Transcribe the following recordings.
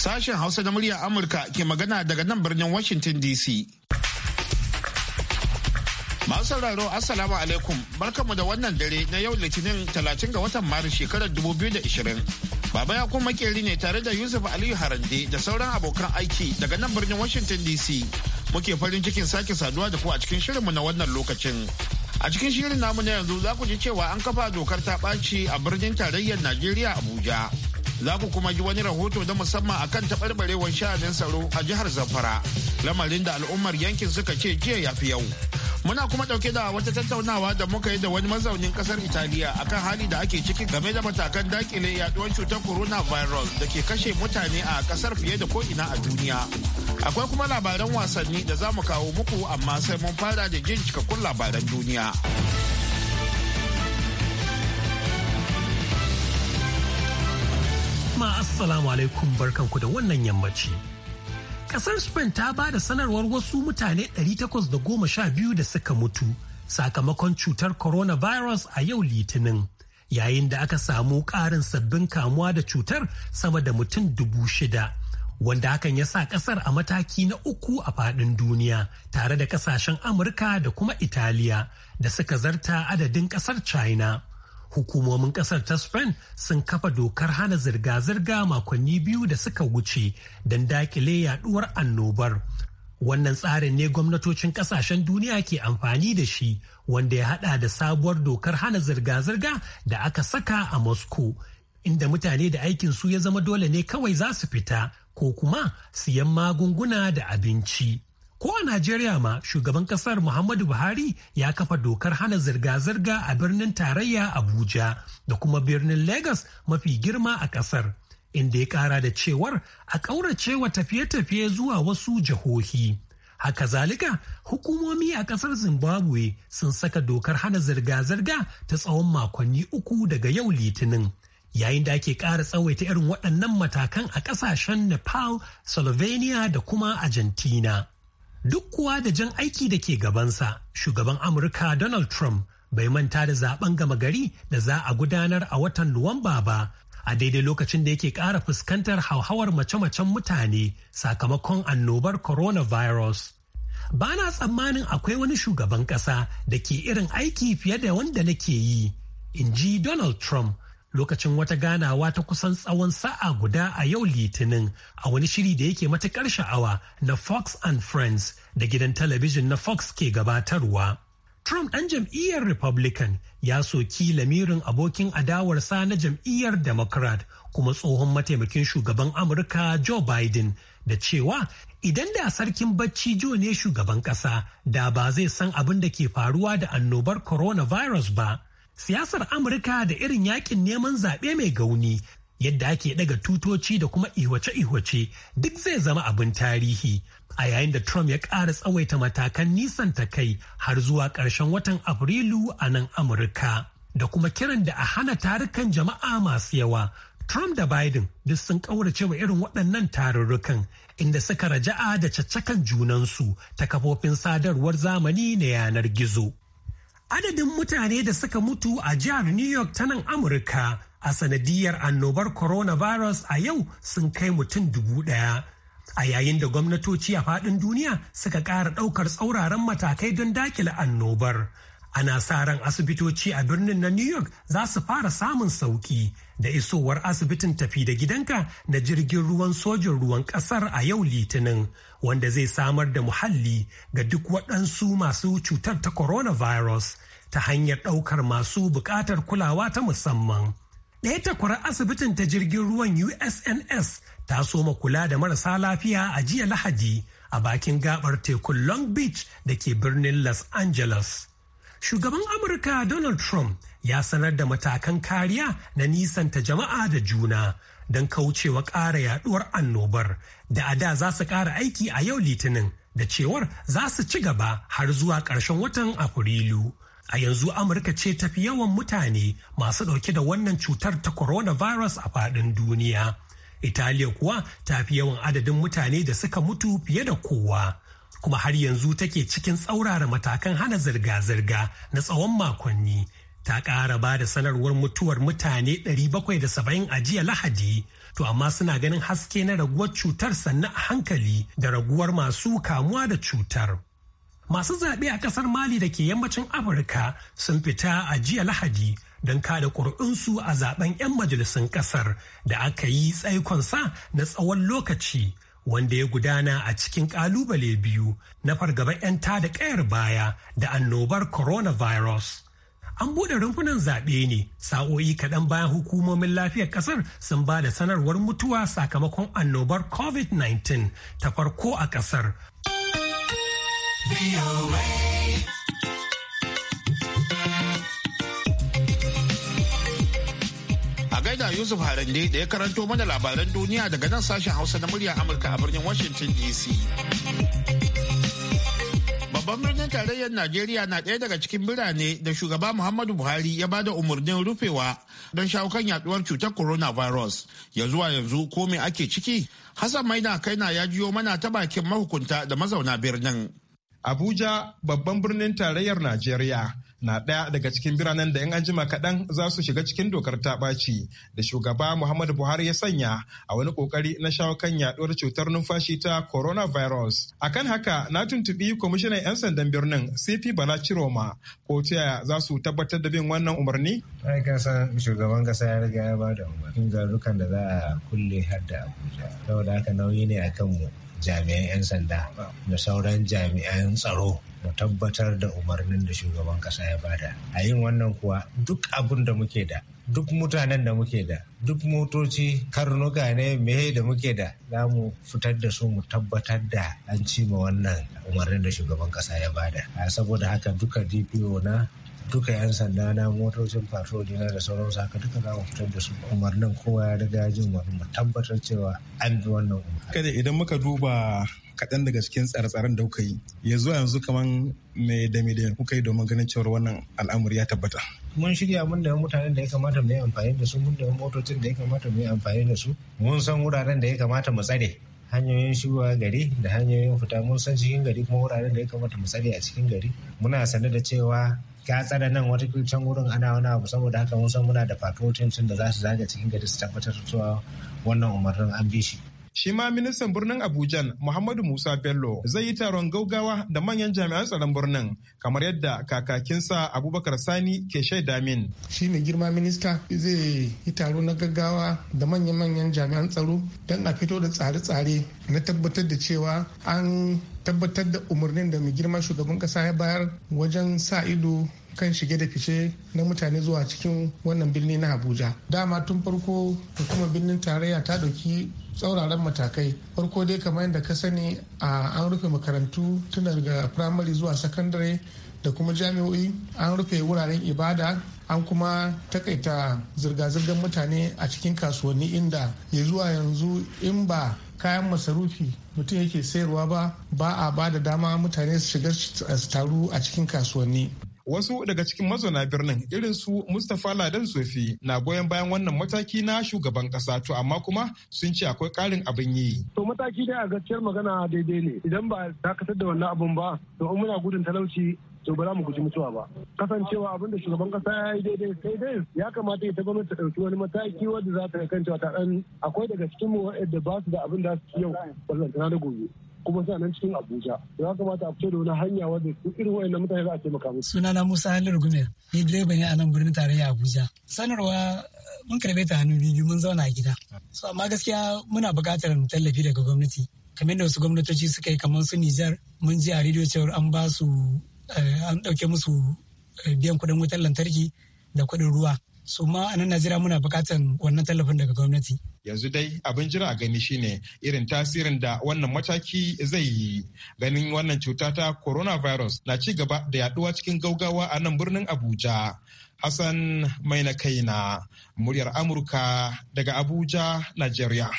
Sashen Hausa na muryar Amurka ke magana daga nan birnin Washington DC. Masu sauraro Assalamu alaikum barkamu da wannan dare na yau Litinin 30 ga watan Maris shekarar 2020. Baba ya kuma makeri ne tare da Yusuf Aliyu Harande da sauran abokan aiki daga nan birnin Washington DC. Muke farin cikin sake saduwa da ku a cikin shirinmu na wannan lokacin. A cikin shirin namu na yanzu za ku ji cewa an kafa dokar ta ɓaci a birnin tarayyar Najeriya Abuja. za ku kuma ji wani rahoto na musamman akan taɓarɓarewar sha'anin tsaro a jihar zamfara lamarin da al'ummar yankin suka ce jiya ya fi yau muna kuma ɗauke da wata tattaunawa da muka yi da wani mazaunin ƙasar italiya akan hali da ake ciki game da matakan dakile yaduwar cutar corona virus da ke kashe mutane a ƙasar fiye da ko'ina a duniya akwai kuma labaran wasanni da za mu kawo muku amma sai mun fara da jin cikakkun labaran duniya jama'a assalamu alaikum barkanku da wannan yammaci. Kasar Spain ta ba da sanarwar wasu mutane 812 da suka mutu sakamakon cutar coronavirus a yau litinin. Yayin da aka samu ƙarin sabbin kamuwa da cutar sama da mutum dubu shida. Wanda hakan ya sa kasar a mataki na uku a faɗin duniya tare da kasashen Amurka da kuma Italiya da suka zarta adadin kasar China. hukumomin kasar ta spain sun kafa dokar hana zirga-zirga makonni biyu da suka wuce don dakile yaduwar annobar wannan tsarin ne gwamnatocin kasashen duniya ke amfani da shi wanda ya hada da sabuwar dokar hana zirga-zirga da aka saka a moscow inda mutane da aikin su ya zama dole ne kawai za su fita ko kuma siyan magunguna da abinci Ko a Najeriya ma shugaban kasar Muhammadu Buhari ya kafa dokar hana zirga-zirga a birnin tarayya Abuja da kuma birnin Legas mafi girma a kasar. Inda ya kara da cewar a ƙaurace wa tafiye-tafiye zuwa wasu jihohi. Haka zalika hukumomi a ƙasar Zimbabwe sun saka dokar hana zirga-zirga ta tsawon makonni uku daga yau litinin. yayin da ake ƙara tsawaita irin waɗannan matakan a ƙasashen Nepal, Slovenia da kuma Argentina. Duk kuwa da jan aiki da ke gabansa, shugaban Amurka Donald Trump bai manta da zaben gama gari da za a gudanar a watan Nuwamba ba, a daidai lokacin da yake ƙara fuskantar hauhawar mace-macen mutane sakamakon annobar coronavirus. Ba na tsammanin akwai wani shugaban ƙasa da ke irin aiki fiye da wanda nake yi, in ji Donald Trump lokacin wata ganawa ta kusan tsawon sa'a guda a yau litinin a wani shiri da yake matukar sha'awa na Fox and Friends da gidan talabijin na Fox ke gabatarwa. Trump ɗan jam'iyyar Republican ya soki lamirin abokin adawarsa na jam'iyyar Democrat kuma tsohon mataimakin shugaban Amurka Joe Biden da cewa idan da sarkin bacci jo ne shugaban ƙasa da ba zai san abin da ke faruwa da annobar coronavirus ba. siyasar amurka da irin yakin neman zaɓe mai gauni yadda ake ɗaga tutoci da kuma ihwace-ihwace duk zai zama abin tarihi a yayin da trump ya ƙara tsawaita matakan nisan ta kai har zuwa ƙarshen watan afrilu a nan amurka da kuma kiran da a hana tarukan jama'a masu yawa trump da biden duk sun ƙaurace wa irin waɗannan tarurrukan inda suka raja'a da caccakan junansu ta kafofin sadarwar zamani na yanar gizo adadin mutane da suka mutu a jihar New York ta nan Amurka a sanadiyar annobar coronavirus a yau sun kai mutum dubu ɗaya. A yayin da gwamnatoci a faɗin duniya suka ƙara ɗaukar tsauraran matakai don dakile annobar. ana sa ran asibitoci a birnin na new york za su fara samun sauki da isowar asibitin tafi da gidanka na jirgin ruwan sojin ruwan kasar a yau litinin wanda zai samar da muhalli ga duk waɗansu masu cutar ta coronavirus ta hanyar ɗaukar masu buƙatar kulawa ta musamman ɗaya takwarar asibitin ta jirgin ruwan usns ta soma kula da marasa lafiya a jiya lahadi a bakin gabar tekun long beach da ke birnin los angeles Shugaban Amurka Donald Trump ya sanar da matakan kariya na nisanta jama'a da juna don kaucewa ƙara yaduwar annobar da a da za su ƙara aiki a yau litinin da cewar za su ci gaba har zuwa ƙarshen watan Afrilu. A yanzu Amurka ce tafi yawan mutane masu ɗauke da wannan cutar ta coronavirus a faɗin duniya. Italiya kuwa ta fi yawan adadin mutane da suka mutu fiye da kowa. kuma har yanzu take cikin tsaurara matakan hana zirga-zirga na tsawon makonni ta ƙara ba da sanarwar mutuwar mutane 770 a jiya lahadi to amma suna ganin haske na raguwar cutar sannan a hankali da raguwar masu kamuwa da cutar masu zaɓe a ƙasar mali da ke yammacin afirka sun fita a jiya lahadi don kada ƙuri'unsu a zaben 'yan majalisun ƙasar da aka yi tsaikonsa na tsawon lokaci wanda ya gudana a cikin kalubale biyu na fargaba 'yan da kayar baya da annobar coronavirus. An buɗe rumfunan zaɓe ne sa'o'i kaɗan bayan hukumomin lafiyar ƙasar sun ba da sanarwar mutuwa sakamakon annobar COVID-19 ta farko a ƙasar. Yusuf Harande da ya karanto mana labaran duniya daga nan sashen Hausa na murya Amurka a birnin Washington DC. Babban birnin tarayyar Najeriya na ɗaya daga cikin birane da shugaba Muhammadu Buhari ya bada umarnin rufewa don shawo kan yaduwar cutar coronavirus. Ya zuwa yanzu ko me ake ciki? Hassan Maina kaina ya jiyo mana ta bakin mahukunta da mazauna birnin. Abuja babban birnin tarayyar Najeriya na ɗaya daga cikin biranen da 'yan anjima kaɗan za su shiga cikin dokar ta ɓaci da shugaba Muhammadu Buhari ya sanya a wani ƙoƙari na shawo kan yaɗuwar cutar numfashi ta coronavirus. Akan haka na tuntuɓi kwamishinan 'yan sandan birnin CP Bala Chiroma ko ta za su tabbatar da bin wannan umarni? Ai ka san shugaban kasa ya riga ya ba da da za a kulle har da Abuja. Saboda haka nauyi ne kan mu jami'an 'yan sanda da sauran jami'an tsaro mu tabbatar da umarnin da shugaban kasa ya bada a yin wannan kuwa duk abun da muke da duk mutanen da muke da duk motoci karnuka ne mehe da muke da za mu fitar da su mu tabbatar da an cima wannan umarnin da shugaban kasa ya bada saboda haka duka dpo na duka 'yan sanda na motocin patroli na da sauransu haka duka za mu fitar da su umarnin kowa ya riga jin wani mu tabbatar cewa an bi wannan umarni. kada idan muka duba kaɗan daga cikin tsare-tsaren da kuka yi ya zuwa yanzu kaman me da me da kuka yi domin ganin cewar wannan al'amari ya tabbata. mun shirya mun da mutanen da ya kamata mu yi amfani da su mun da motocin da ya kamata mu yi amfani da su mun san wuraren da ya kamata mu tsare hanyoyin shigowa gari da hanyoyin fita mun san cikin gari kuma wuraren da ya kamata mu tsare a cikin gari muna sane da cewa ka tsara nan wata can wurin ana wani abu saboda haka mun san muna da patrol teams da za su zaga cikin gari su tabbatar da cewa wannan umarnin an bi shi Shi ma ministan birnin abuja Muhammadu Musa Bello zai yi taron gaugawa da manyan jami'an tsaron birnin kamar yadda kakakinsa Abubakar Sani ke shaida min. Shi mai girma minista zai yi taro na gaggawa da manyan manyan jami'an tsaro don a fito da tsare-tsare na tabbatar da cewa an tabbatar da umarnin da mai girma shugaban kasa ya bayar wajen sa ido kan shige da fice na mutane zuwa cikin wannan birni na abuja dama tun farko hukumar birnin tarayya ta ɗauki tsauraran matakai farko dai kamar yadda ka sani an rufe makarantu tun daga firamare zuwa sakandare da kuma jami'o'i an rufe wuraren ibada an kuma takaita zirga-zirgar mutane a cikin kasuwanni inda ya zuwa yanzu in ba kayan masarufi mutum yake sayarwa ba ba a ba da dama mutane su shiga su taru a cikin kasuwanni Wasu daga cikin mazauna birnin irin su Mustapha Ladan Sofi na goyon bayan wannan mataki na shugaban kasa to amma kuma sun ce akwai karin abin yi. To mataki dai a gaskiyar magana daidai ne idan ba dakatar da wannan abun ba to in muna gudun talauci to ba za mu guji mutuwa ba kasancewa abin da shugaban kasa ya yi daidai sai dai ya kamata ya tabbatar ta ɗauki wani mataki wanda za ta kan cewa ta ɗan akwai daga cikin mu waɗanda ba su da abin da su yau wannan tana da gobe kuma sai nan cikin Abuja. Ya kamata a fito da wani hanya wadda su irin nan mutane za a taimaka musu. na Musa Halil Gumel, ni direba ne a nan birnin tarayya Abuja. Sanarwa mun karbe ta hannu biyu mun zauna a gida. So amma gaskiya muna buƙatar tallafi daga gwamnati. Kamar da wasu gwamnatoci suka yi kamar su Nijar, mun ji a rediyo cewar an ba su eh, an ɗauke musu eh, biyan kuɗin wutar lantarki da kuɗin ruwa. Su ma a nan najeriya muna bukatan wannan tallafin daga gwamnati yanzu dai abin jira a gani shine irin tasirin da wannan mataki zai yi ganin wannan cuta ta coronavirus na ci gaba da yaduwa cikin gaugawa a nan birnin abuja hassan mai na kaina muryar amurka daga abuja Najeriya.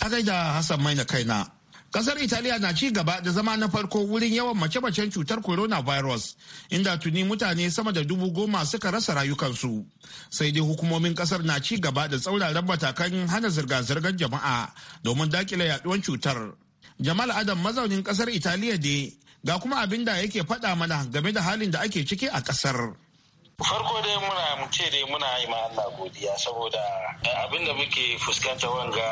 a gaida hassan mai na kaina Kasar Italiya na ci gaba da zama na farko wurin yawan mace-macen cutar coronavirus, inda tuni mutane sama da dubu goma suka rasa rayukansu. Sai dai hukumomin kasar na ci gaba da tsauraran matakan hana zirga-zirgar jama'a domin dakile yaduwar cutar. Jamal Adam mazaunin kasar Italiya ne ga kuma abin da yake faɗa mana game da halin da ake ciki a kasar. farko dai muna ce dai muna yi ma Allah godiya saboda eh, abin da muke fuskanta wanga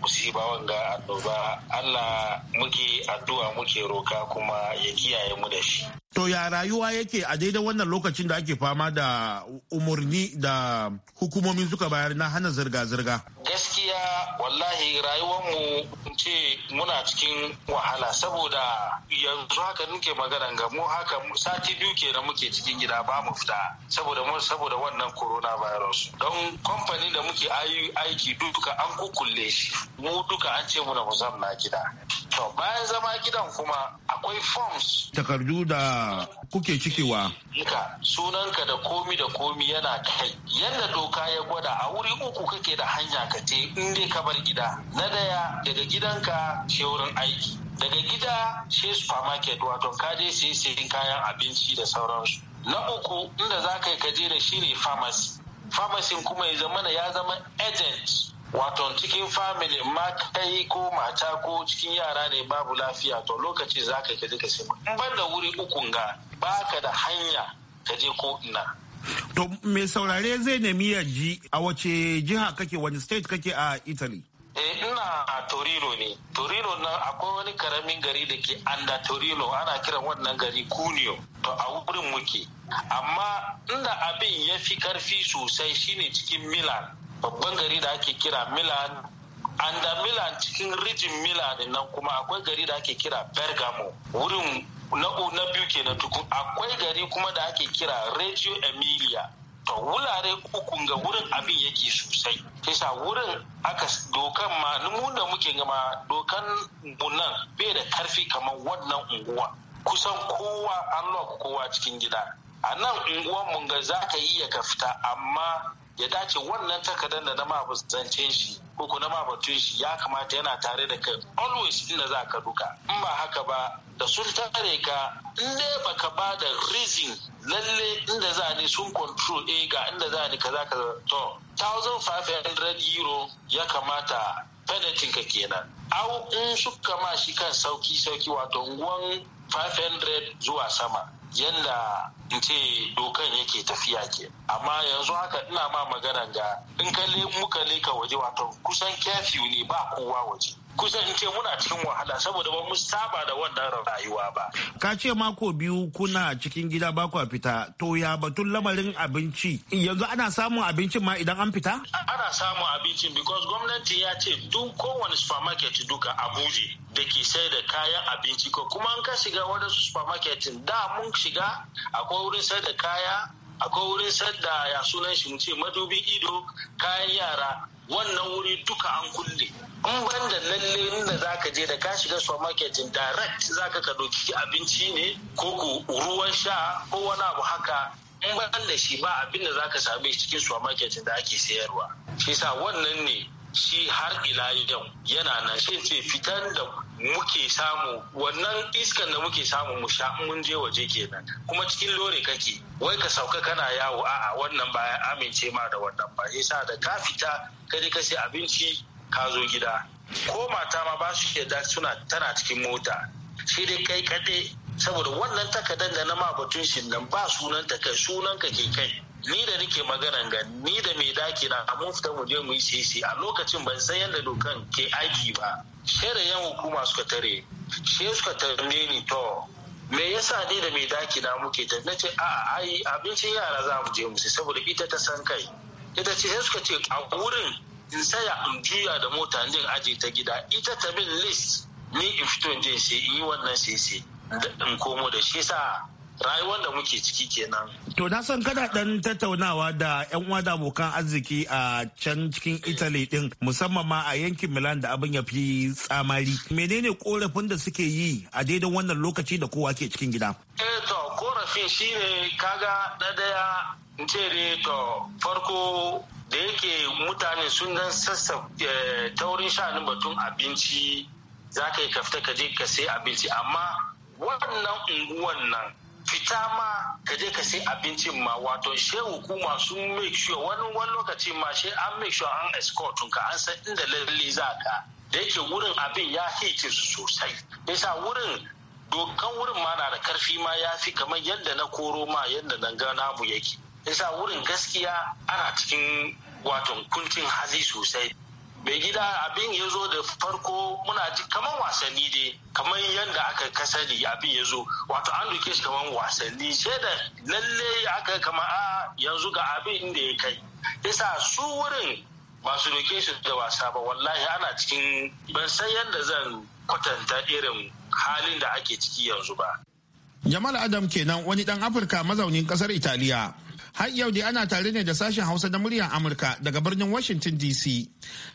musiba wanga annoba Allah muke addu'a muke roka kuma ya kiyaye mu da shi To ya rayuwa yake a daidai wannan lokacin da ake fama da umarni da hukumomin suka bayar na hana zirga-zirga? Gaskiya wallahi rayuwar mu ce muna cikin wahala saboda yanzu haka nuke magana ga mu haka sati biyu ke da muke cikin gida ba mu fita saboda mu saboda wannan coronavirus. Don kamfani da muke aiki duka an kukulle shi mu duka an ce na mu zamna gida. To bayan zama gidan kuma akwai forms. Takardu da kuke cikewa. Duka sunanka da komi da komi yana kai. Yadda doka ya gwada a wuri uku kake da hanya ka ce, in dai ka bar gida. Na daya daga gidanka ke wurin aiki. Daga gida sai supermarket wato ka je sai sayin kayan abinci da sauransu. Na uku inda za ka je da shi ne pharmacy. Pharmacy kuma ya zama ya zama agent wato cikin family ma kai ko mata ko cikin yara ne babu lafiya to lokaci za ka kaje ka sai ban da wuri ukun ga baka da hanya ka je ko ina to me saurare zai nemi ya ji a wace jiha kake wani state kake a italy eh, ina a torino ne torino na akwai wani karamin gari da ke anda torino ana kiran wannan gari kunio to a wurin muke amma inda abin ya fi karfi sosai shine cikin milan babban gari da ake kira milan an milan cikin rijin milan nan kuma akwai gari da ake kira bergamo wurin na biyu ke na tukun akwai gari kuma da ake kira reggio emilia to wulare uku ga wurin abin yake sosai sa wurin aka dokan ma mu da muke gama dokan nan bai da karfi kamar wannan unguwa kusan kowa an kowa cikin gida a nan unguwan mun za ka iya ka fita amma ya dace wannan takardar da na ma zancen shi ko ku na ma batun shi ya kamata yana tare da kai always inda za ka duka in ba haka ba da sun tare ka in dai baka ba da reason lalle inda za ne sun control a eh, ga inda za ka kaza kaza to 1500 euro ya kamata penalty ka kenan au in suka ma shi kan sauki sauki wato unguwan 500 zuwa sama yadda in ce dokan yake tafiya ke amma yanzu haka ina ma magana ga in kalli muka leka waje wato kusan kyafiyu ne ba kowa waje kusan in ce muna cikin wahala saboda ba mu saba da wannan rayuwa ba. Ka ce mako biyu kuna cikin gida ba kwa fita to ya batun lamarin abinci yanzu ana samun abincin ma idan an fita? Ana samun abincin because gwamnati ya ce duk kowane supermarket duka a buje da ke sai da kayan abinci ko kuma an ka shiga wani supermarket da mun shiga akwai wurin sai da kaya akwai wurin sadda ya sunan shi mu ce madubin ido kayan yara wannan wuri duka an kulle in banda lalle inda za ka je da ka shiga in direct za ka ka doki abinci ne ko ku ruwan sha ko wani abu haka in da shi ba abin da za ka same shi cikin supermarket da ake sayarwa shi sa wannan ne shi har ila yau yana nan shi ce fitan da muke samu wannan iskan da muke samu mu sha mun je waje kenan kuma cikin lore kake wai ka sauka kana yawo a'a wannan ba ya amince ma da wannan ba yasa da ka fita ka je ka abinci ka zo gida ko mata ma ba su yadda suna tana cikin mota sai dai kai kaɗai saboda wannan takardar da na ma batun shi nan ba sunanta kai sunanka ke kai ni da nake maganan ga ni da mai daki na mun fita mu je mu yi sisi a lokacin ban san yadda dokan ke aiki ba shere yan hukuma suka tare shi suka tare ni to me yasa ni da mai daki na muke ta nace a ai abincin yara za mu je mu sai saboda ita ta san kai ita ce sai suka ce a wurin in saya in juya da mota jin aje ta gida ita ta bin list ni in fito in je sai in yi wannan sisi in komo da shi sa rayuwar da muke ciki kenan. To na san kana dan tattaunawa da yan uwa da abokan arziki a can cikin Italy din musamman ma a yankin Milan da abin ya fi tsamari. Menene korafin da suke yi a daidai wannan lokaci da kowa ke cikin gida? Eh to korafin shine kaga na daya in ce ne to farko da yake mutane sun dan sassa eh, taurin sha'anin batun abinci za ka yi kafta ka je ka sai abinci amma wannan unguwan nan fita ma ka je ka sai abincin ma wato she hukuma sun make sure wani wani lokaci ma she an make sure an escort ka an san inda lalle za ka da yake wurin abin ya hice su sosai yasa wurin dokan wurin ma na da karfi ma ya fi kamar yadda na koro ma yadda na gana mu yake yasa wurin gaskiya ana cikin wato kuncin hazi sosai mai gida abin ya zo da farko muna ji kamar wasanni dai kamar yadda aka kasani abin ya zo wato an duke shi kamar wasanni sai da lalle aka kama a yanzu ga abin da ya kai isa su wurin ba su doke shi da wasa ba wallahi ana cikin ban san yadda zan kwatanta irin halin da ake ciki yanzu ba jamal adam kenan wani dan afirka mazaunin kasar italiya Har yau dai ana tare ne da sashen Hausa da muryar Amurka daga birnin Washington DC.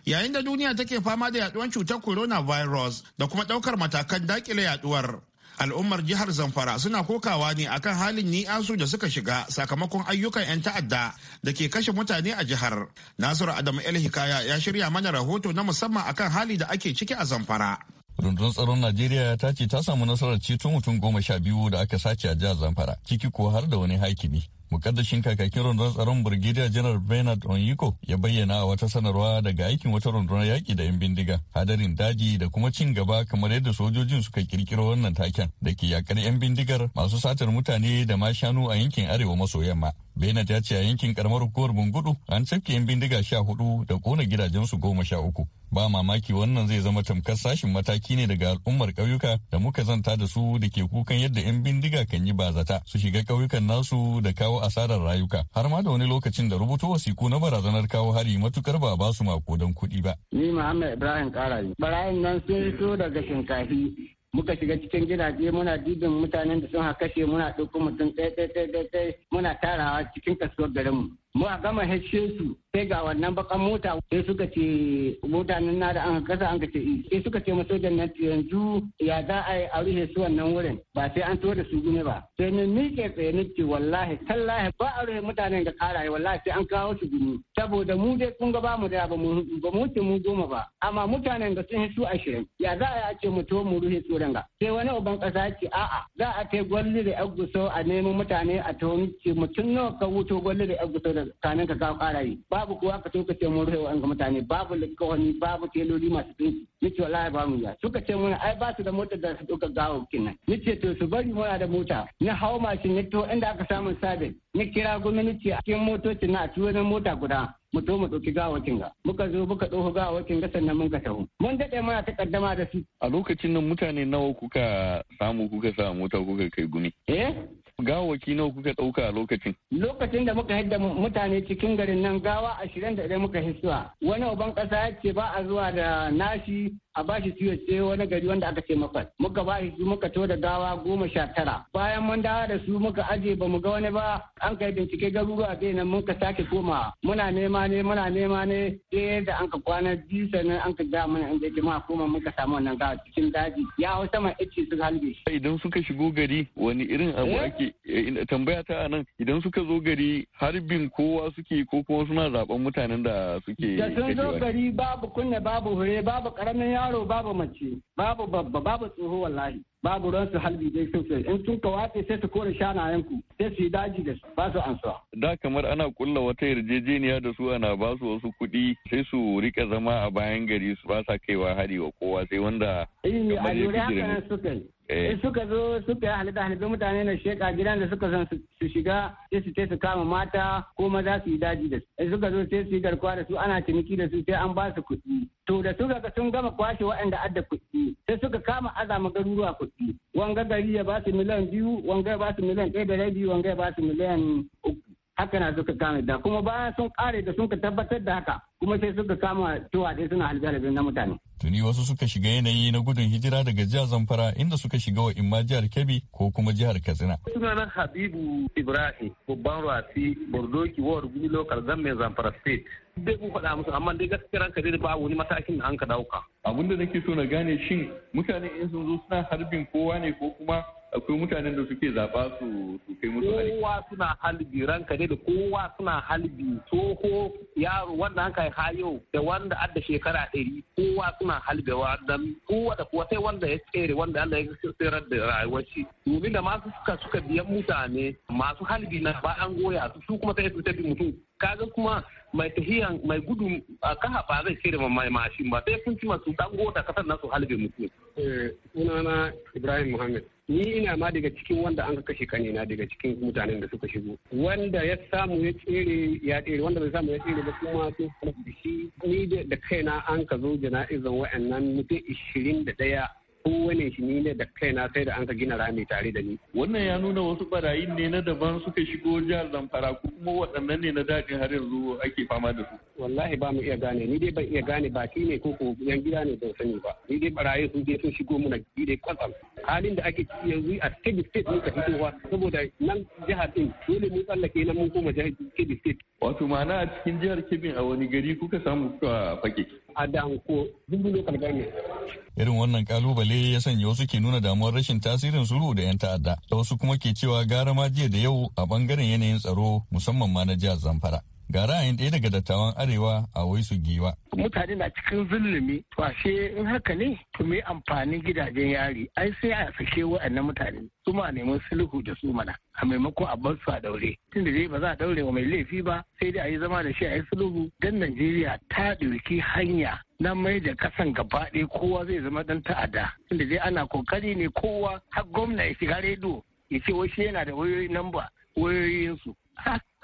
Yayin da duniya take fama da yaduwar cutar Corona coronavirus da kuma daukar matakan dakile yaduwar. Al'ummar jihar Zamfara suna kokawa ne akan halin ni'asu da suka shiga sakamakon ayyukan 'yan ta'adda da ke kashe mutane a jihar. Nasiru Adamu El Hikaya ya shirya mana rahoto na musamman akan hali da ake ciki a Zamfara. Rundun tsaron Najeriya ya tace ta samu nasarar ceto mutum goma sha biyu da aka sace a jihar Zamfara, ciki ko har da wani hakimi. mukaddashin kakakin rundunar tsaron Brigadier janar Bernard Onyiko ya bayyana a wata sanarwa daga aikin wata rundunar yaƙi da 'yan bindiga, hadarin daji da kuma cin gaba kamar yadda sojojin suka kirkiro wannan taken da ke yakar 'yan bindigar masu satar mutane da ma shanu a yankin arewa maso yamma. Bernard ya ce a yankin karamar hukumar Bungudu an cafke 'yan bindiga sha hudu da kona gidajensu goma sha uku. Ba mamaki wannan zai zama tamkar sashin mataki ne daga al'ummar ƙauyuka da muka zanta da su da ke kukan yadda 'yan bindiga kan yi bazata su shiga ƙauyukan nasu da kawo kawo asarar rayuka har ma da wani lokacin da rubuto wasiku na barazanar kawo hari matukar ba ba su makodan kuɗi ba. Ni Muhammad Ibrahim Karari. Barayin nan sun fito daga shinkafi muka shiga cikin gidaje muna dibin mutanen da sun kashe muna ɗauko mutum ɗaya ɗaya ɗaya muna tarawa cikin kasuwar garinmu. mu a gama heshe su sai ga wannan bakan mota sai suka ce mota nan na da an kasa an kace eh, sai suka ce da nan yanzu ya za a yi a rufe su wannan wurin ba sai an tura da su gune ba sai ni ke tsaye ni ce wallahi tallahi ba a rufe mutanen da karaye wallahi sai an kawo su gune saboda mu dai kun ga ba mu da ba mu ba mu ce mu goma ba amma mutanen da sun su ashirin ya za a yi a ce mu to mu rufe su ranga sai wani uban kasa ce a'a za a kai gwalli da yan guso a nemo mutane a tawon ce mutum nawa ka wuto gwalli da yan guso da kamin ka kawo karayi babu kowa ka tuka ce mun rewa ga mutane babu likawani babu teloli masu tsinci ce wallahi ba mu ya suka ce mun ai ba su da mota da su tuka gawo kinan ce to su bari muna da mota na hawo mashin ne to inda aka samu sabin na kira gwamnati a cikin motocin na a tuwo mota guda mu to mu ɗauki gawakin ga muka zo muka ɗauko gawakin ga sannan mun ka tawo mun daɗe muna kaddama da su a lokacin nan mutane nawa kuka samu kuka samu mota kuka kai gumi eh gawaki nawa kuka ɗauka a lokacin lokacin da muka da mutane cikin garin nan gawa ashirin da ɗaya muka hisuwa wani uban ƙasa ya ce ba a zuwa da nashi a bashi ciwo sai wani gari wanda aka ce mafal muka bashi su muka to da gawa goma sha tara bayan mun dawo da su muka aje ba mu ga wani ba an kai bincike garuruwa bai nan ka sake koma muna nema ne muna nema ne sai da an ka kwana biyu sannan an ka ga mana an zai ma koma muka samu wannan gawa cikin daji ya hau sama ice su halbe idan suka shigo gari wani irin abu eh? ake eh, tambaya ta nan. idan suka zo gari harbin kowa suke ko kuma suna zaben mutanen da suke da sun zo gari babu kunne babu hure babu karamin yaro babu mace babu babba babu tsoho wallahi babu ruwan su halbi dai sosai in sun ka wace sai su kore shanayen ku sai su yi daji da su ba su ansuwa. Da kamar ana kulla wata yarjejeniya da su ana ba su wasu kuɗi sai su rika zama a bayan gari su ba sa kaiwa hari wa kowa sai wanda. Eh a lura haka suka yi Eh. in suka zo suka yi halitta halitta mutane na sheka gidan da suka san su shiga sai su su kama mata ko maza su yi daji da su suka zo sai su yi garkuwa da su ana ciniki da su sai an ba su kuɗi to da suka ga sun gama kwashe waɗanda adda kuɗi sai suka kama azama garuruwa kuɗi wanga gari ya ba su miliyan biyu wanga ya ba su miliyan ɗaya da rabi wanga ya ba su miliyan uku haka na suka kame da kuma bayan sun kare da sun ka tabbatar da haka kuma sai suka kama tuwa dai suna halgalabin na mutane. Tuni wasu suka shiga yanayi na gudun hijira daga jihar Zamfara inda suka shiga wa imma jihar Kebbi ko kuma jihar Katsina. Sunana Habibu Ibrahim babban rafi Bordoki Ward Gudu Local Government Zamfara State. Dai kun faɗa musu amma dai gaskiya ranka dai ba wani matakin da an ka dauka. abun da nake so na gane shin mutane in sun zo suna harbin kowa ne ko kuma akwai mutanen da suke zaba su su kai musu hali. Kowa suna halbi ranka ne da kowa suna halbi tsoho yaro wanda an kai hayo da wanda adda shekara ɗari kowa suna halbewa da kowa da kowa sai wanda ya tsere wanda Allah ya tsere da rayuwar shi. Domin da masu suka suka biyan mutane masu halbi na ba an goya su su kuma sai su tafi mutum. Kaga kuma mai tahiyan mai gudu a kaha ba zai tsere mai mashin ba sai sun ci masu dango da kasar nasu halbe mutum. Eh, sunana Ibrahim Muhammad. Ni ina ma daga cikin wanda an kashe kanina daga cikin mutanen da suka shigo. Wanda ya samu ya tsere ya tsere wanda bai samu ya tsere ba kuma sun fara shi ni da kaina an ka zo jana'izan wa'annan mutum ishirin da ɗaya kowane shi ne da kaina sai da an ka gina rami tare da ni. Wannan ya nuna wasu barayin ne na daban suka shigo jihar Zamfara ko kuma waɗannan ne na daɗin har yanzu ake fama da su. Wallahi ba mu iya gane ni dai ban iya gane ba baki ne ko ko yan gida ne ban sani ba. Ni dai barayin sun je sun shigo mu na gida kwatsam. Halin da ake ciki yanzu a Kebbi State muka fitowa saboda nan jihar ɗin dole mu tsallake nan mun koma jihar Kebbi State. Wato ma'ana a cikin jihar Kebbi a wani gari kuka samu kuka fake. a danko local government. Irin wannan kalubale ya sanya wasu ke nuna damuwar rashin tasirin sulhu da 'yan ta'adda, da wasu kuma ke cewa gara ma jiya da yau a bangaren yanayin tsaro musamman ma na jihar Zamfara. ga ra'ayin ɗaya daga dattawan arewa a waisu giwa. mutane na cikin zulumi to ashe in haka ne to me amfanin gidajen yari ai sai a sake wa'annan mutane su neman sulhu da su mana a maimakon a bar su a daure tunda dai ba za a daure wa mai laifi ba sai dai a yi zama da shi a yi sulhu dan najeriya ta ɗauki hanya na mai da kasan gaba ɗaya kowa zai zama dan ta'ada tunda dai ana kokari ne kowa har gwamna ya shiga rediyo ya ce wai shi yana da wayoyin namba wayoyinsu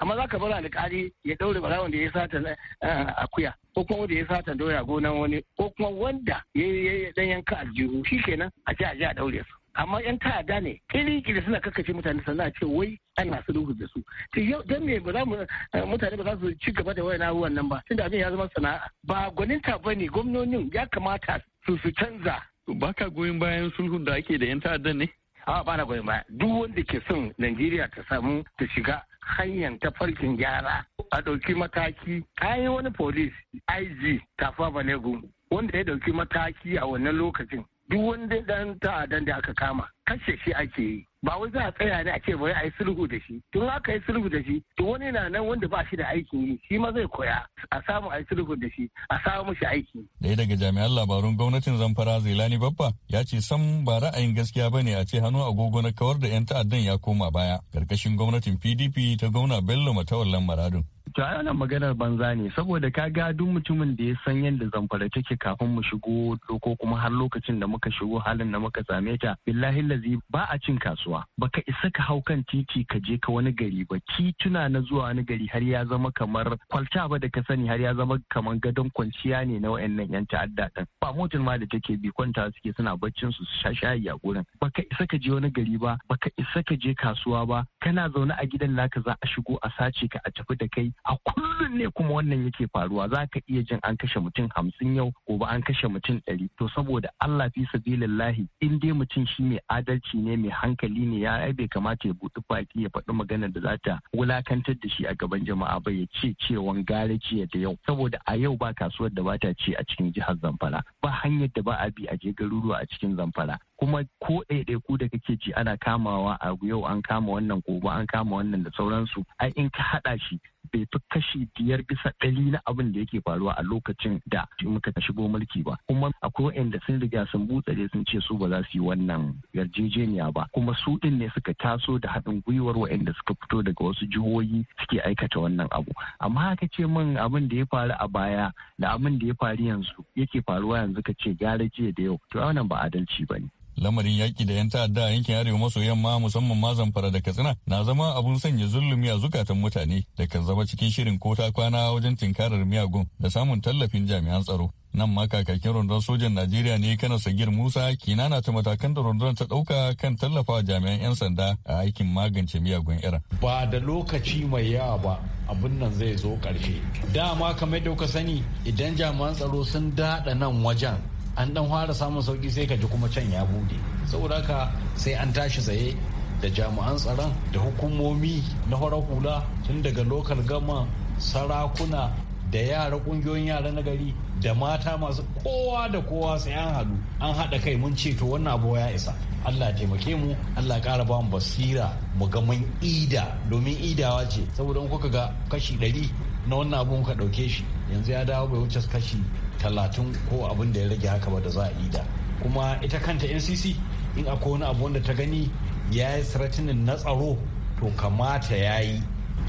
amma za ka bar alƙali ya ɗaure barawon da ya sata eh, akuya ko kuma wanda ya sata doya gonan wani ko kuma wanda ya yi ɗan yanka aljihu shi kenan a ce a ji a ɗaure su amma yan ta'adda ne kiri-kiri suna kakkace mutane sannan a ce wai ana sulhu da su to yau dan me ba za mu eh, mutane ba za su ci gaba da wayan abubuwan nan ba tunda abin ya zama sana'a ba gwaninta ne gwamnonin ya kamata su su canza baka goyon bayan sulhun da ake da yan ta'adda ne a ba na goyon baya duk wanda ke son Najeriya ta samu ta shiga hanyar ta farkin gyara a ɗauki mataki kayan yi wani polis ig tafa balegu wanda ya ɗauki mataki a wannan lokacin duk wanda dan ta'adan da aka kama kashe shi ake yi ba wai za a tsaya ne a ce bari a yi sulhu da shi tun aka yi sulhu da shi to wani na nan wanda ba shi da aikin yi shi ma zai koya a samu a yi sulhu da shi a samu shi aiki ɗaya daga jami'an labarun gwamnatin zamfara zailani babba ya ce sam ba ra'ayin gaskiya ba ne a ce hannu agogo na kawar da 'yan ta'addan ya koma baya karkashin gwamnatin pdp ta gwamna bello matawallan maradun to ai wannan maganar banza ne saboda ka ga duk mutumin da ya san yadda zamfara take kafin mu shigo ko kuma har lokacin da muka shigo halin da muka same ta billahi lazi ba a cin kasuwa baka isa ka hau kan titi ka je ka wani gari ba tituna na zuwa wani gari har ya zama kamar kwalta ba da ka sani har ya zama kamar gadon kwanciya ne na wayannan yan ta'adda din ba motar ma da take bi kwanta suke suna baccin su su sha shayi a gurin baka isa ka je wani gari ba ba ka isa ka je kasuwa ba kana zaune a gidan naka za a shigo a sace ka a tafi da kai a kullum ne kuma wannan yake faruwa za ka iya jin an kashe mutum hamsin yau gobe an kashe mutum ɗari to saboda Allah fi sabilillahi in dai mutum shi ne adalci ne mai hankali ne ya ai bai kamata ya buɗi baki ya faɗi magana da za ta wulakantar da shi a gaban jama'a ba ya ce cewan gara jiya da yau saboda a yau ba kasuwar da ba ta ce a cikin jihar Zamfara ba hanyar da ba a bi a je garuruwa a cikin Zamfara kuma ko ɗaiɗaiku da kake ji ana kamawa a yau an kama wannan gobe an kama wannan da sauransu ai in ka haɗa shi bai fi kashi biyar bisa ɗari na abin da yake faruwa a lokacin da muka shigo mulki ba kuma akwai waɗanda sun riga sun da sun ce su ba za su yi wannan yarjejeniya ba kuma su ɗin ne suka taso da haɗin gwiwar waɗanda suka fito daga wasu jihohi suke aikata wannan abu amma haka ce min abin da ya faru a baya da abin da ya faru yanzu yake faruwa yanzu ka ce gara jiya da yau to wannan ba adalci ba ne. lamarin yaƙi da 'yan ta'adda a yankin arewa maso yamma musamman ma zamfara da katsina na zama abun sanya zulumi a zukatan mutane da kan zama cikin shirin ko ta kwana wajen tinkarar miyagun da samun tallafin jami'an tsaro nan ma kakakin rundunar sojan najeriya ne kana sagir musa kinana ta matakan da rundunar ta ɗauka kan tallafa jami'an 'yan sanda a aikin magance miyagun ira ba da lokaci mai yawa ba abin nan zai zo karfe dama kamar da kuka sani idan jami'an tsaro sun daɗa nan wajen an dan fara samun sauki sai ka ji kuma can ya bude saboda haka sai an tashi tsaye da jami'an tsaron da hukumomi na horar hula tun daga lokal gama sarakuna da yara kungiyoyin yara na gari da mata masu kowa da kowa sai an haɗu an haɗa kai mun ce to wannan abu ya isa Allah taimake mu Allah kara ba mu basira mu ga mun ida domin idawa ce saboda kuka ga kashi ɗari na wannan abun ka ɗauke shi yanzu ya dawo bai wuce kashi talatin ko abin da ya rage haka ba da za a yi da kuma ita kanta ncc in akwai wani abu wanda ta gani ya yi saratinin na tsaro to kamata ya yi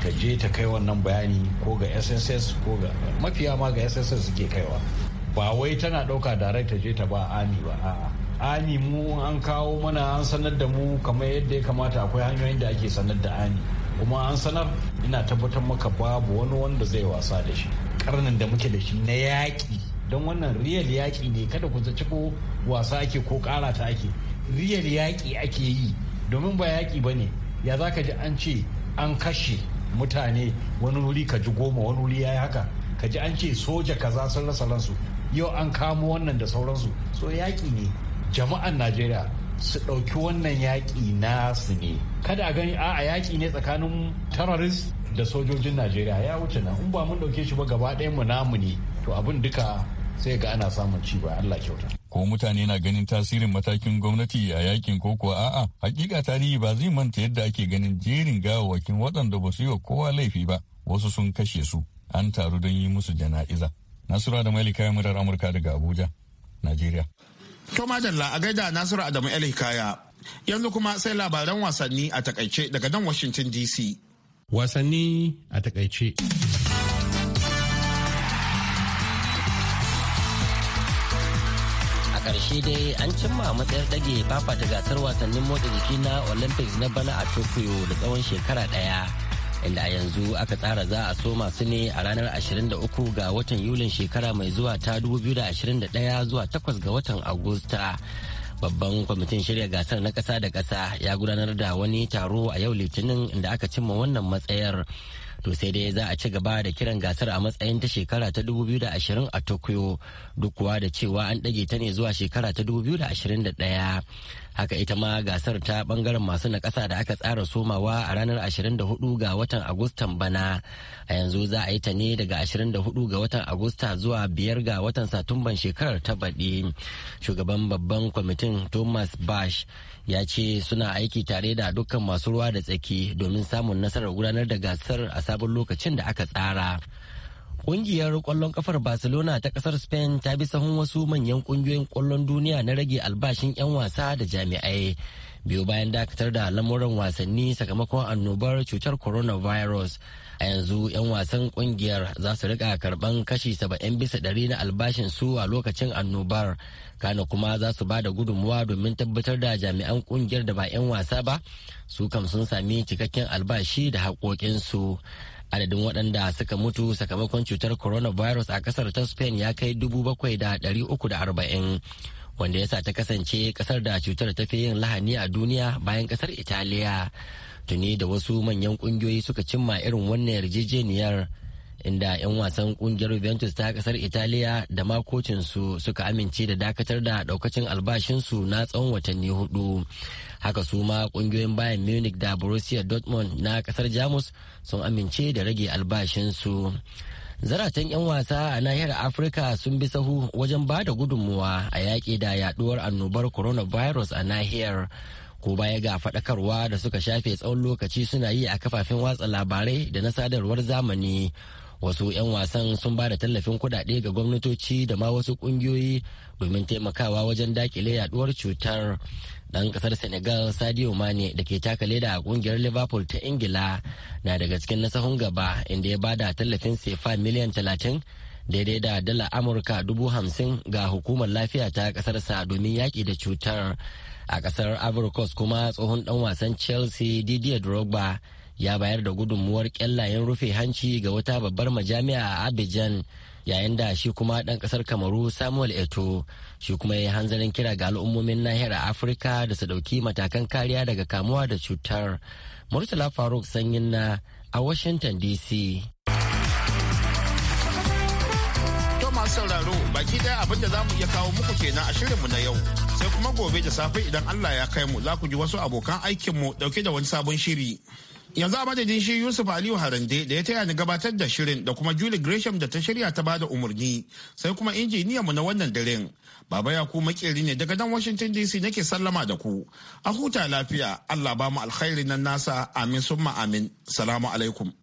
ta je ta kai wannan bayani ko ga sss ko ga mafiya ma ga sss suke kaiwa ba wai tana ɗauka direct ta je ta ba ami ba a'a ami mu an kawo mana an sanar da mu kamar yadda ya kamata akwai hanyoyin da ake sanar da ami kuma an sanar ina tabbatar maka babu wani wanda zai wasa da shi karnin da muke da shi na yaƙi don wannan riyal yaƙi ne kada ku zaci ko wasa ake ko ƙara ta ake riyal yaƙi ake yi domin ba yaƙi ba ne ya za ka ji an ce an kashe mutane wani wuri ka ji goma wani wuri ya yi haka ka ji an ce soja kaza sun rasa ransu yau an kamo wannan da sauransu so yaƙi ne jama'an najeriya su ɗauki wannan yaƙi nasu ne kada a gani a yaƙi ne tsakanin terrorist da sojojin najeriya ya wuce na in ba mun ɗauke shi ba gaba ɗaya mu namu ne to abin duka sai ga ana samun ci ba Allah kyauta. Ko mutane na ganin tasirin matakin gwamnati a yakin ko kuwa a'a hakika tarihi ba zai manta yadda ake ganin jerin gawawakin waɗanda ba su yi wa kowa laifi ba wasu sun kashe su an taru don yi musu jana'iza. Nasura da Malika murar Amurka daga Abuja, Najeriya. To Madalla a gaida Nasiru Adamu El Yanzu kuma sai labaran wasanni a takaice daga nan Washington DC. Wasanni a takaice. ƙarshe dai an cimma matsayar ɗage fafata gasar wasannin motsa jiki na olympics na bana a tokyo da tsawon shekara ɗaya inda a yanzu aka tsara za a so masu ne a ranar 23 ga watan yulin shekara mai zuwa ta 2021 zuwa 8 ga watan agusta babban kwamitin shirya gasar na kasa da ƙasa ya gudanar da wani taro a yau litinin inda aka cimma wannan matsayar. to sai dai za a ci gaba da kiran gasar a matsayin ta shekara ta 2020 a tokyo duk kuwa da cewa an ɗage ta ne zuwa shekara ta 2021 haka ita ma gasar ta bangaren masu na kasa da aka tsara somawa a ranar 24 ga watan agustan bana a yanzu za a yi ta ne daga 24 ga watan agusta zuwa 5 ga watan satumban shekarar ta baɗi shugaban babban kwamitin thomas bash ya ce suna aiki tare da dukkan masu ruwa da tsaki domin samun nasarar gudanar da gasar a sabon lokacin da aka tsara Ƙungiyar ƙwallon ƙafar Barcelona ta ƙasar Spain ta bi sahun wasu manyan ƙungiyoyin ƙwallon duniya na rage albashin 'yan wasa da jami'ai. Biyu bayan dakatar da lamuran wasanni sakamakon annobar cutar coronavirus. A yanzu 'yan wasan ƙungiyar za su riƙa karɓan kashi 70 bisa ɗari na albashin su a lokacin annobar. Kana kuma za su ba da gudunmuwa domin tabbatar da jami'an ƙungiyar da ba 'yan wasa ba su kam sun sami cikakken albashi da haƙoƙinsu. su. adadin waɗanda suka mutu sakamakon cutar coronavirus a kasar ta spain ya kai dubu bakwai da ɗari uku da arba'in wanda ya sa ta kasance kasar da cutar ta fi yin lahani a duniya bayan kasar italiya tuni da wasu manyan ƙungiyoyi suka cimma irin wannan yarjejeniyar inda 'yan wasan kungiyar Juventus ta kasar Italiya da makocinsu suka amince da dakatar da daukacin albashinsu na tsawon watanni hudu. Haka su ma kungiyoyin Bayern Munich da Borussia Dortmund na kasar Jamus sun amince da rage albashinsu. Zaratan 'yan wasa a nahiyar Afirka sun bi sahu wajen ba da gudunmuwa a yaƙi da yaduwar annobar coronavirus a nahiyar. ko baya ga faɗakarwa da suka shafe tsawon lokaci suna yi a kafafen watsa labarai da na sadarwar zamani wasu 'yan wasan sun ba da tallafin kudade ga gwamnatoci da ma wasu kungiyoyi domin taimakawa wajen dakile yaduwar cutar dan kasar senegal sadio mane da ke taka leda a kungiyar liverpool ta ingila na daga cikin nasahun gaba inda ya bada tallafin sefa miliyan 30 daidai da dala amurka dubu hamsin ga hukumar lafiya ta sa domin yaki da cutar a kasar Coast kuma tsohon dan wasan chelsea didier drogba ya bayar da gudunmuwar kyallayen rufe hanci ga wata babbar majami'a a Abidjan yayin da shi kuma ɗan ƙasar Kamaru Samuel Eto shi kuma ya hanzarin kira ga al'ummomin nahiyar Afirka da su ɗauki matakan kariya daga kamuwa da cutar. Murtala Faruk Sanyin na a Washington DC. masu sauraro baki daya abin da zamu iya kawo muku kenan a shirinmu na yau sai kuma gobe da safe idan Allah ya kai mu za ku ji wasu abokan aikinmu dauke da wani sabon shiri. yanzu a madadin shi yusuf aliyu harande da ya taya ni gabatar da shirin da kuma julie gresham da ta shirya ta bada umarni sai kuma injiniyanmu na wannan daren baba ya ku makeri ne daga nan washington dc nake sallama da ku a huta lafiya allah ba mu alkhairi nan nasa amin summa amin salamu alaikum